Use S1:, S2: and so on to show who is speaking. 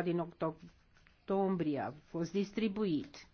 S1: din octombrie a fost distribuit.